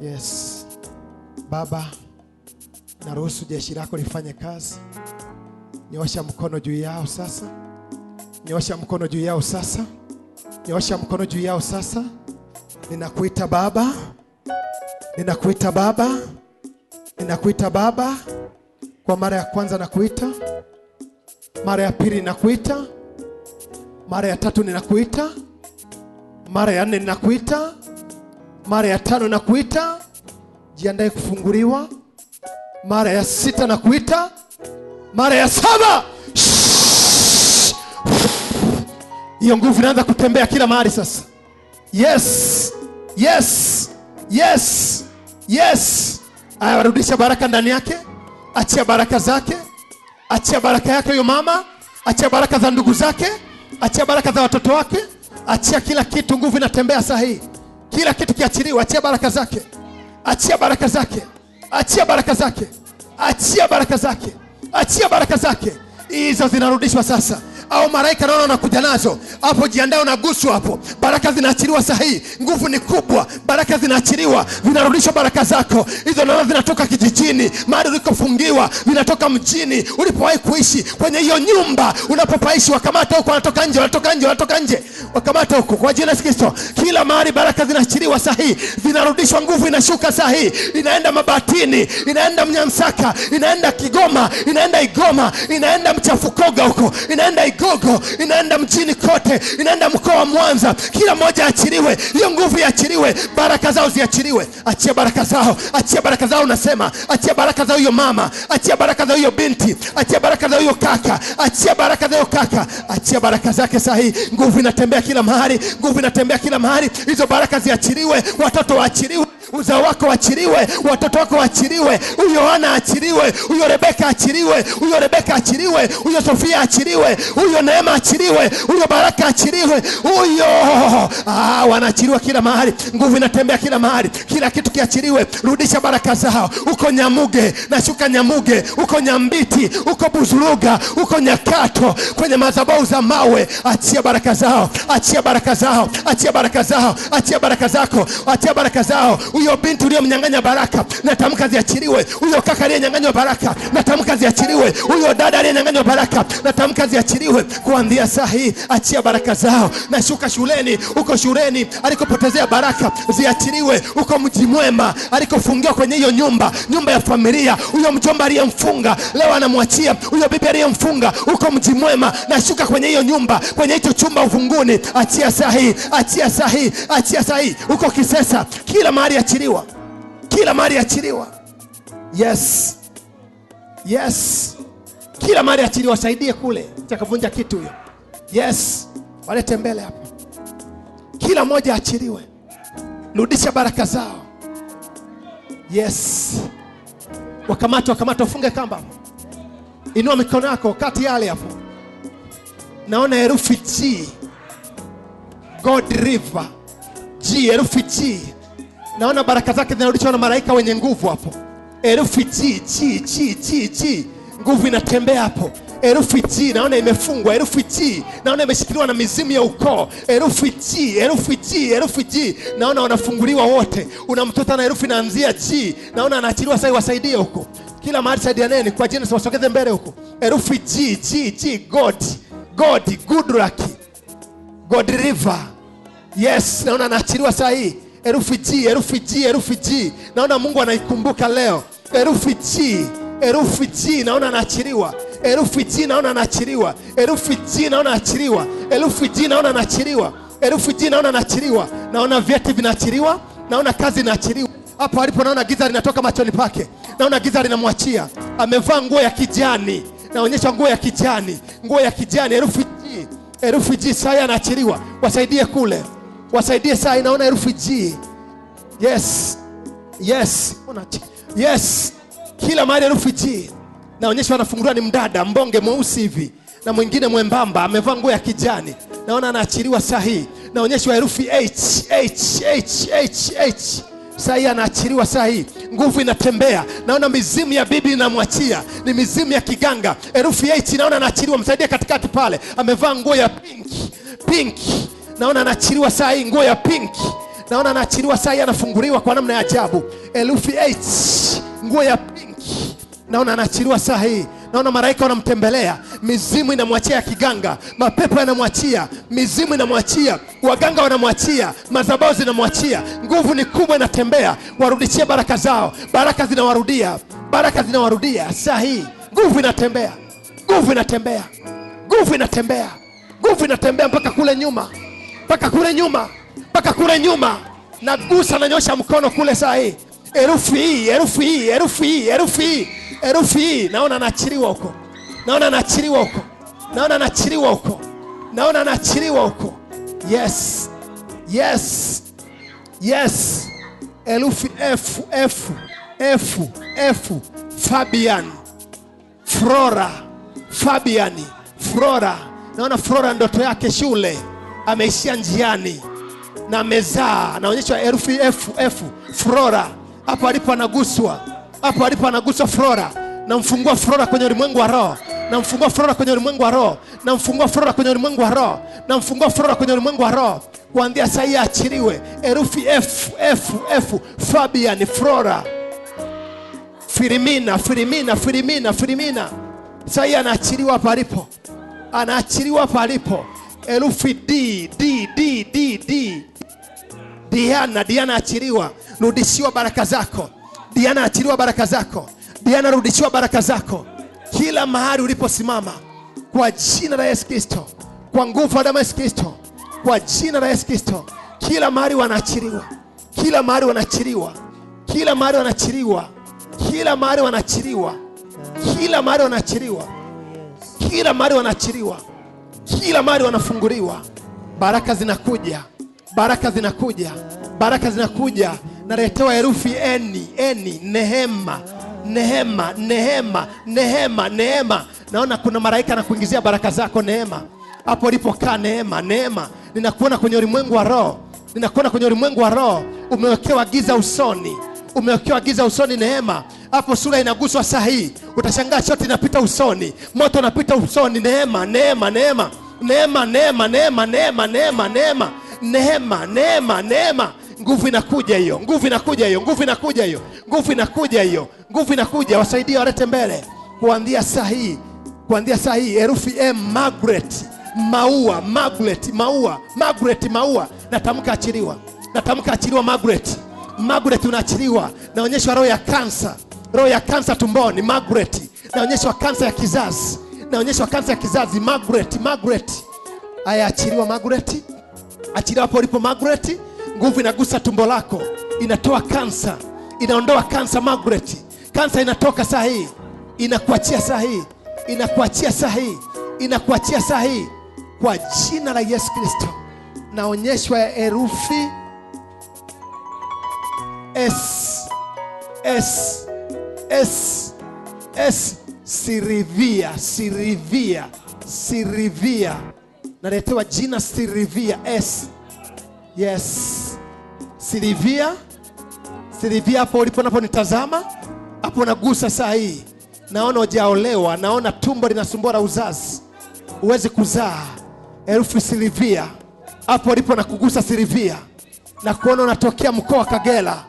Yes Baba, naruhusu jeshi lako lifanye kazi. Nyosha mkono juu yao sasa, nyosha mkono juu yao sasa, nyosha mkono juu yao sasa. Ninakuita Baba, ninakuita Baba, ninakuita Baba. Kwa mara ya kwanza nakuita, mara ya pili ninakuita, mara ya tatu ninakuita, mara ya nne ninakuita mara ya tano na kuita, jiandae kufunguliwa. Mara ya sita na kuita, mara ya saba hiyo nguvu inaanza kutembea kila mahali sasa. Yes, yes, yes, yes. Aya, warudisha baraka ndani yake, achia baraka zake, achia baraka yake huyo mama, achia baraka za ndugu zake, achia baraka za watoto wake, achia kila kitu. Nguvu inatembea sahihi. Kila kitu kiachiliwe, achia baraka zake, achia baraka zake, achia baraka zake, achia baraka zake, achia baraka zake. Hizo zinarudishwa sasa au malaika naona unakuja nazo hapo, jiandae, unaguswa hapo, baraka zinaachiliwa sahihi, nguvu ni kubwa, baraka zinaachiliwa, vinarudishwa baraka zako hizo, naona zinatoka kijijini, mahali ulikofungiwa, vinatoka mjini ulipowahi kuishi, kwenye hiyo nyumba unapopaishi, wakamata huko, wanatoka nje, wanatoka nje, wanatoka nje, wakamata huko, kwa jina la Kristo. Kila mahali baraka zinaachiliwa sahihi, vinarudishwa, nguvu inashuka sahihi, inaenda Mabatini, inaenda Mnyamsaka, inaenda Kigoma, inaenda Igoma, inaenda Mchafukoga huko, inaenda Gogo inaenda mjini kote, inaenda mkoa wa Mwanza, kila mmoja achiliwe hiyo nguvu, iachiliwe baraka zao ziachiliwe. Achia baraka zao, achia baraka zao, unasema achia baraka za huyo mama, achia baraka za huyo binti, achia baraka za huyo kaka, achia baraka za huyo kaka, achia baraka zake sahihi. Nguvu inatembea kila mahali, nguvu inatembea kila mahali, hizo baraka ziachiliwe, watoto waachiliwe uzao wako achiriwe watoto wako achiriwe huyo Yohana achiriwe, huyo Rebeka achiriwe huyo Rebeka achiriwe huyo Sofia achiliwe, huyo Neema achiliwe, huyo Baraka achiriwe huyo ah, wanaachiliwa kila mahali, nguvu inatembea kila mahali, kila kitu kiachiriwe, Rudisha baraka zao uko Nyamuge, nashuka Nyamuge, uko Nyambiti, uko Buzuruga, uko Nyakato, kwenye madhabahu za mawe, achia baraka zao, achia baraka zao, achia baraka zao, achia baraka zako, achia baraka zao huyo binti uliyomnyang'anya baraka, natamka ziachiliwe. Huyo kaka aliyenyang'anywa baraka, natamka ziachiliwe. Huyo dada aliyenyang'anywa baraka, natamka ziachiliwe. Kuanzia saa hii, achia baraka zao. Nashuka shuleni, uko shuleni alikopotezea baraka, ziachiliwe. Uko mji mwema alikofungiwa kwenye hiyo nyumba, nyumba ya familia, huyo mjomba aliyemfunga leo anamwachia. Huyo bibi aliyemfunga, uko mji mwema, nashuka kwenye hiyo nyumba, kwenye hicho chumba ufunguni, achia saa hii, achia saa hii, achia saa hii. Uko Kisesa, kila mahali achiliwa, kila mali achiliwa. Yes, yes, kila mali achiliwa. Saidie kule chakavunja kitu hiyo. Yes, walete mbele hapa, kila mmoja achiliwe. Rudisha baraka zao. Yes, wakamata, wakamata, wafunge kamba. Inua mikono yako kati yale hapo, naona herufi G, God River G, herufi G naona baraka zake zinarudishwa na malaika wenye nguvu hapo. Herufi G, G, G, G, G, nguvu inatembea hapo. Herufi G naona imefungwa, herufi G naona imeshikiliwa na mizimu ya ukoo. Herufi G, herufi G, herufi G naona wanafunguliwa wote. Una mtoto na herufi inaanzia G, naona anaachiliwa sasa, iwasaidie huko kila mahali, saidianeni kwa jina, siwasogeze mbele huko. Herufi G, G, G, God, God, good luck, God river. Yes, naona anaachiliwa sasa hii herufi G, herufi G, herufi G. Naona Mungu anaikumbuka leo herufi G, herufi G, naona anaachiliwa herufi G, naona anaachiliwa herufi G, naona anaachiliwa herufi G, naona anaachiliwa herufi G, naona anaachiliwa. Naona vyeti vinaachiliwa, naona kazi inaachiliwa. Hapo alipo naona giza linatoka machoni pake, naona giza linamwachia. Amevaa nguo ya kijani, naonyesha nguo ya kijani, nguo ya kijani, herufi G, herufi G. Sasa anaachiliwa, wasaidie kule wasaidie saa inaona herufi G. Yes. Yes. Yes. Kila mahali herufi G. Naonyesha anafunguliwa ni mdada mbonge mweusi hivi na mwingine mwembamba amevaa nguo ya kijani, naona anaachiliwa saa hii. Naonyeshwa herufi H, H, H, H, H. Saa hii anaachiliwa saa hii. nguvu inatembea. Naona mizimu ya bibi inamwachia, ni mizimu ya kiganga. Herufi H naona anaachiliwa, msaidie katikati pale, amevaa nguo ya Pink. Pink. Naona anaachiliwa saa hii nguo ya pinki, naona anaachiliwa saa hii, anafunguliwa kwa namna ya ajabu. Elufi H, nguo ya pinki, naona anaachiliwa saa hii naona maraika wanamtembelea, mizimu inamwachia kiganga, mapepo yanamwachia, mizimu inamwachia, waganga wanamwachia, madhabahu zinamwachia. Nguvu ni kubwa, inatembea. Warudishie baraka zao, baraka zinawarudia, baraka zinawarudia. Saa hii nguvu inatembea, nguvu inatembea, nguvu inatembea, nguvu inatembea mpaka kule nyuma mpaka kule nyuma, mpaka kule nyuma. Nagusa, nanyosha mkono kule saa hii, herufi hii, herufi hii, herufi hii, herufi hii, herufi hii. Naona naachiliwa huko, naona naachiliwa huko, naona naachiliwa huko, naona naachiliwa huko. Yes, yes, yes. Herufi F, F, F, F. Fabian, Flora, Fabiani, Flora. Naona Flora ndoto yake shule ameishia njiani na amezaa, anaonyeshwa herufi F, F, Flora. Hapo alipo anaguswa, hapo alipo anaguswa Flora, namfungua Flora kwenye ulimwengu wa roho namfungua Flora kwenye ulimwengu wa roho, namfungua Flora kwenye ulimwengu wa roho, namfungua Flora kwenye ulimwengu wa roho. Kuanzia sasa hii achiliwe herufi F, F, F, Fabian, Flora, Filimina, Filimina, Filimina, Filimina. Sasa hii anaachiliwa palipo, anaachiliwa palipo herufi D, D, D, D, D. Diana, Diana achiriwa, rudishiwa baraka zako. Diana achiriwa baraka zako. Diana rudishiwa baraka zako kila mahali uliposimama, kwa jina la Yesu Kristo, kwa nguvu ya damu ya Yesu Kristo, kwa jina la Yesu Kristo, kila mahali wanaachiliwa, kila mahali wanaachiliwa, kila mahali wanaachiliwa, kila mahali wanaachiliwa, kila mahali wanaachiliwa, kila mahali wanaachiliwa kila mali wanafunguliwa, baraka zinakuja, baraka zinakuja, baraka zinakuja. Naletewa herufi N, N, nehema, nehema, nehema, nehema, nehema. Naona kuna malaika anakuingizia baraka zako, nehema Hapo ulipokaa, nehema nehema Ninakuona kwenye ulimwengu wa roho, ninakuona kwenye ulimwengu wa roho. Umewekewa giza usoni, umewekewa giza usoni, nehema hapo sura inaguswa saa utashangaa shoti inapita usoni, moto unapita usoni, neema neema neema neema neema neema neema neema neema neema neema neema nguvu inakuja hiyo, nguvu inakuja hiyo, nguvu inakuja hiyo, nguvu inakuja hiyo, nguvu inakuja. Wasaidie, walete mbele, kuanzia saa hii, kuanzia saa Herufi M, e, Margaret maua, Margaret maua, Margaret maua. Natamka achiliwa, natamka achiliwa, Margaret, Margaret unaachiliwa. Naonyeshwa roho ya kansa roho ya kansa tumboni Margaret, naonyeshwa kansa ya kizazi, naonyeshwa kansa ya kizazi Margaret, Margaret. Aya, achiliwa Margaret, achiliwa hapo ulipo Margaret. Nguvu inagusa tumbo lako, inatoa kansa, inaondoa kansa Margaret. Kansa inatoka saa hii, inakuachia saa hii, inakuachia saa hii, inakuachia saa hii kwa jina la Yesu Kristo. Naonyeshwa herufi S S S S Sirivia, Sirivia, Sirivia. Naletewa jina Sirivia S. Yes. Sirivia. Sirivia hapo ulipo napo nitazama. Hapo nagusa saa hii. Naona hujaolewa, naona tumbo linasumbua uzazi. Uweze kuzaa. Herufi Sirivia. Hapo ulipo nakugusa Sirivia. Na kuona unatokea mkoa wa Kagera.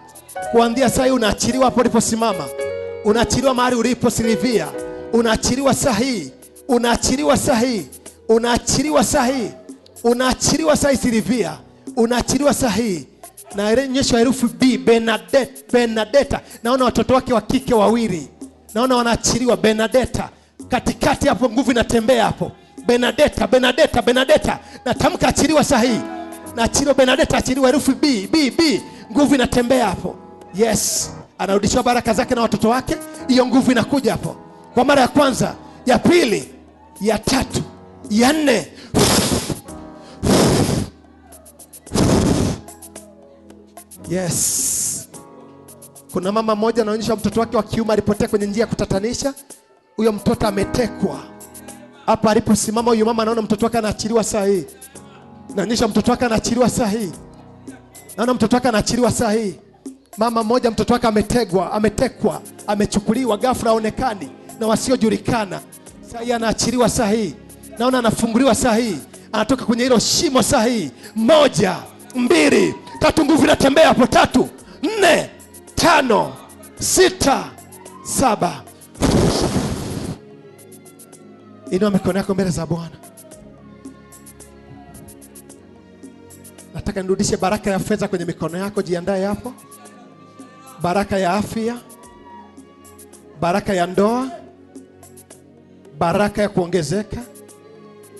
Kuanzia saa hii unaachiliwa hapo uliposimama unaachiliwa mahali ulipo Silivia, unaachiliwa sahihi, unaachiliwa sahihi, unaachiliwa sahihi, unaachiliwa sahihi Silivia, unaachiliwa sahihi na ile nyesho herufi B Bernadette, Bernadetta. Naona watoto wake wa kike wawili, naona wanaachiliwa Bernadetta, katikati hapo nguvu inatembea hapo. Bernadetta, Bernadetta, Bernadetta, natamka achiliwa sahihi, na achiliwa Bernadetta, achiliwa herufi B, B, B, nguvu inatembea hapo. Yes anarudishiwa baraka zake na watoto wake. Hiyo nguvu inakuja hapo kwa mara ya kwanza, ya pili, ya tatu, ya nne. Yes, kuna mama mmoja anaonyesha mtoto wake wa kiume alipotea kwenye njia ya kutatanisha. Huyo mtoto ametekwa. Hapa aliposimama huyu mama anaona mtoto wake anaachiliwa saa hii, naonyesha mtoto wake anaachiliwa saa hii, naona mtoto wake anaachiliwa saa hii. Mama mmoja mtoto wake ametegwa, ametekwa, amechukuliwa ghafla, aonekani na wasiojulikana. Saa hii anaachiliwa, saa hii naona anafunguliwa, saa hii anatoka kwenye hilo shimo, saa hii. Moja, mbili, tatu, nguvu inatembea hapo. Tatu, nne, tano, sita, saba. Inua mikono yako mbele za Bwana. Nataka nirudishe baraka ya fedha kwenye mikono yako. Jiandae hapo baraka ya afya, baraka ya ndoa, baraka ya kuongezeka,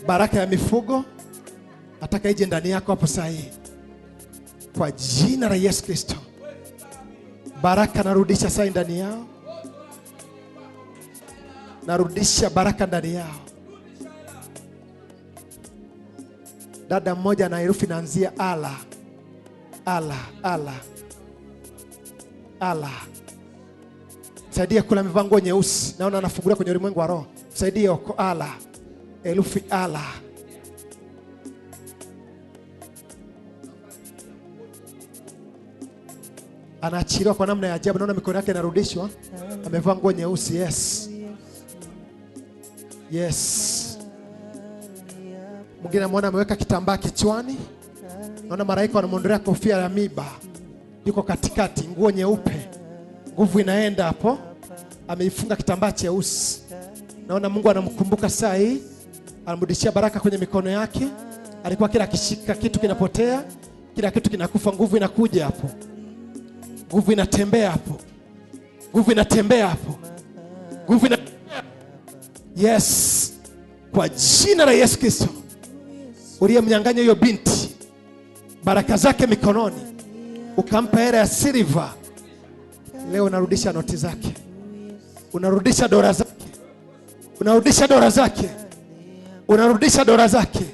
baraka ya mifugo, nataka ije ndani yako hapo saa hii kwa jina la Yesu Kristo. Baraka narudisha sai ndani yao, narudisha baraka ndani yao. Dada mmoja na herufi inaanzia ala ala ala Ala. Saidia kula amevaa nguo nyeusi, naona anafungulia kwenye ulimwengu wa roho. Saidie ala Allah. ala Allah. Anaachiliwa kwa namna ya ajabu, naona mikono yake inarudishwa. Amevaa nguo nyeusi. Yes. Yes. Mwingine amwona ameweka kitambaa kichwani, naona malaika wanamwondolea kofia ya miba yuko katikati, nguo nyeupe, nguvu inaenda hapo, ameifunga kitambaa cheusi. Naona Mungu anamkumbuka saa hii, anamrudishia baraka kwenye mikono yake. Alikuwa kila akishika kitu kinapotea, kila kitu kinakufa. Nguvu inakuja hapo, nguvu inatembea hapo, nguvu inatembea hapo, nguvu ina... Yes, kwa jina la Yesu Kristo uliyemnyang'anya hiyo binti baraka zake mikononi ukampa hela ya siliva leo unarudisha noti zake, unarudisha dola zake, unarudisha dola zake, unarudisha dola zake.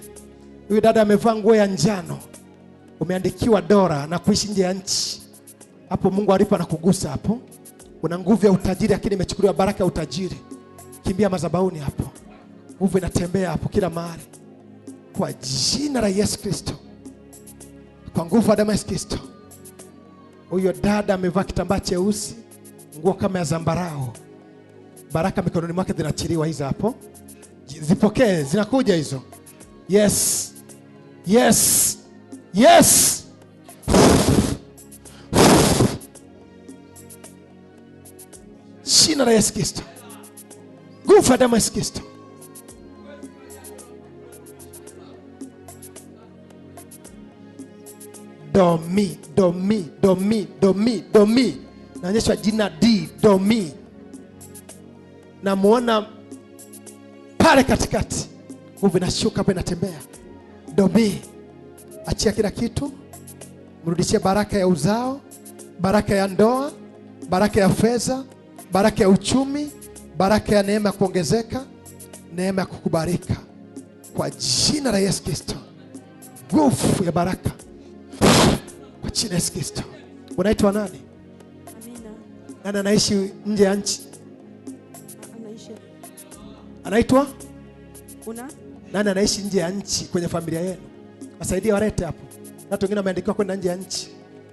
Huyu dada amevaa nguo ya njano, umeandikiwa dola na kuishi nje ya nchi. Hapo Mungu alipo anakugusa hapo, una nguvu ya utajiri, lakini imechukuliwa baraka ya utajiri. Kimbia mazabauni hapo, nguvu inatembea hapo kila mahali, kwa jina la Yesu Kristo, kwa nguvu ya damu ya Yesu Kristo. Huyo dada amevaa kitambaa cheusi, nguo kama ya zambarao, baraka mikononi mwake zinachiliwa. Hizo hapo zipokee, zinakuja hizo. Yes, yes, yes. Jina la Yesu Kristo, nguvu ya damu ya Yesu Kristo Domi, Domi, Domi, Domi, Domi. Naonyeshwa jina D, Domi. Namwona pale katikati, nguvu inashuka hapo, inatembea. Domi, achia kila kitu, mrudishie baraka ya uzao, baraka ya ndoa, baraka ya fedha, baraka ya uchumi, baraka ya neema ya kuongezeka, neema ya kukubarika kwa jina la Yesu Kristo, nguvu ya baraka Jina Yesu Kristo. Unaitwa nani? Amina. Nani anaishi nje ya nchi? Anaishi. Anaitwa? Una? Nani anaishi nje ya nchi kwenye familia yenu? Wasaidie warete hapo. Watu wengine wameandikiwa kwenda nje ya nchi.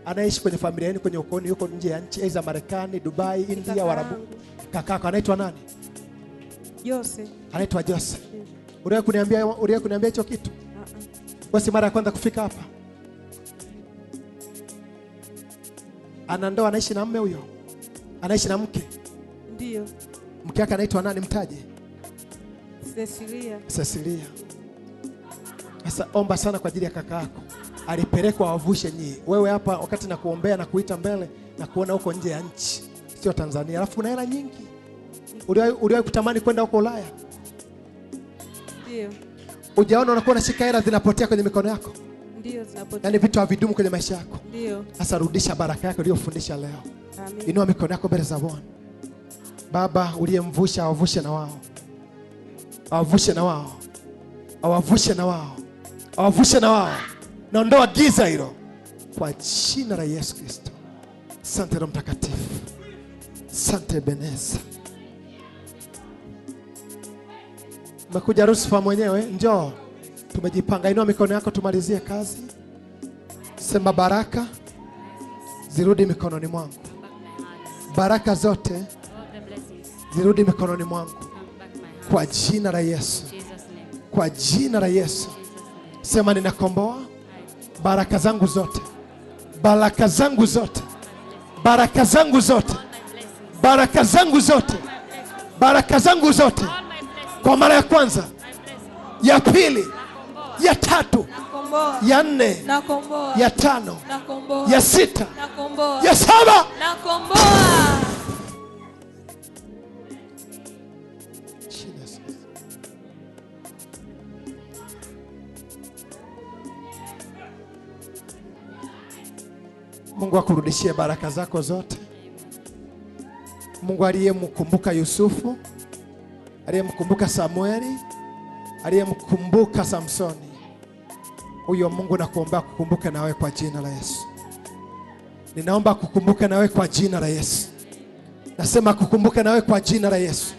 Anaishi kwenye familia yenu kwenye ukoni yuko nje ya nchi, aidha Marekani, Dubai, India, Warabu. Kakako anaitwa nani? Jose. Anaitwa Jose. Mm. Uliwahi kuniambia uliwahi kuniambia hicho kitu? Uh -uh. Wewe mara ya kwanza kufika hapa? ana ndoa, anaishi na mme huyo, anaishi na mke. Ndio. Mke wake anaitwa nani? Mtaje. Cecilia. Cecilia. Sasa omba sana kwa ajili ya kaka yako, alipelekwa wavushe nyie. Wewe hapa wakati na kuombea na kuita mbele na kuona huko nje ya nchi, sio Tanzania, alafu una hela nyingi. Uliwahi kutamani kwenda huko Ulaya? Ndio. Ujaona unakuwa unashika hela zinapotea kwenye mikono yako. Ndio zinapotea. Yaani vitu havidumu kwenye maisha yako. Ndio. Sasa rudisha baraka yako uliyofundisha leo. Amen. Inua mikono yako mbele za Bwana. Baba uliyemvusha awavushe na wao. Awavushe na wao. Awavushe na wao. Awavushe na wao. Naondoa giza hilo kwa jina la Yesu Kristo. Asante Roho Mtakatifu. Asante Beneza. Mekuja Rusfa mwenyewe, njoo. Tumejipanga. Inua mikono yako tumalizie kazi. Sema baraka zirudi mikononi mwangu, baraka zote zirudi mikononi mwangu kwa jina la Yesu, kwa jina la Yesu. Sema ninakomboa baraka zangu zote, baraka zangu zote, baraka zangu zote, baraka zangu zote, baraka zangu zote, kwa mara ya kwanza, ya pili ya tatu ya nne ya tano ya sita ya saba Mungu akurudishie baraka zako zote. Mungu aliyemkumbuka Yusufu, aliyemkumbuka Samueli, aliyemkumbuka Samsoni huyo Mungu nakuombea kukumbuke nawe kwa jina la Yesu. Ninaomba kukumbuke nawe kwa jina la Yesu. Nasema kukumbuke nawe kwa jina la Yesu.